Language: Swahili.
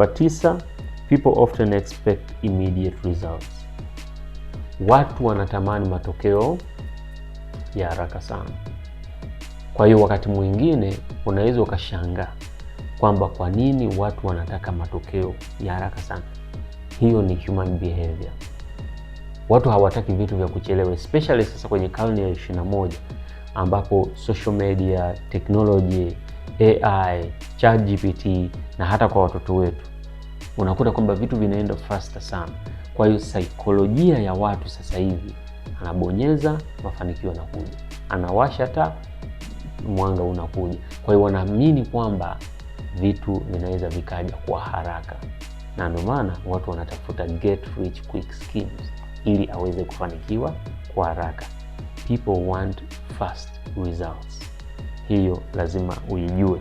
Namba tisa, people often expect immediate results. Watu wanatamani matokeo ya haraka sana. Kwa hiyo wakati mwingine unaweza ukashangaa kwamba kwa nini watu wanataka matokeo ya haraka sana. Hiyo ni human behavior. Watu hawataki vitu vya kuchelewa, especially sasa kwenye karne ya 21 ambapo social media technology AI, ChatGPT na hata kwa watoto wetu, unakuta kwamba vitu vinaenda faster sana. Kwa hiyo saikolojia ya watu sasa hivi, anabonyeza mafanikio yanakuja, anawasha hata mwanga unakuja. Kwa hiyo wanaamini kwamba vitu vinaweza vikaja kwa haraka, na ndio maana watu wanatafuta get rich quick schemes ili aweze kufanikiwa kwa haraka. People want fast results hiyo lazima uijue.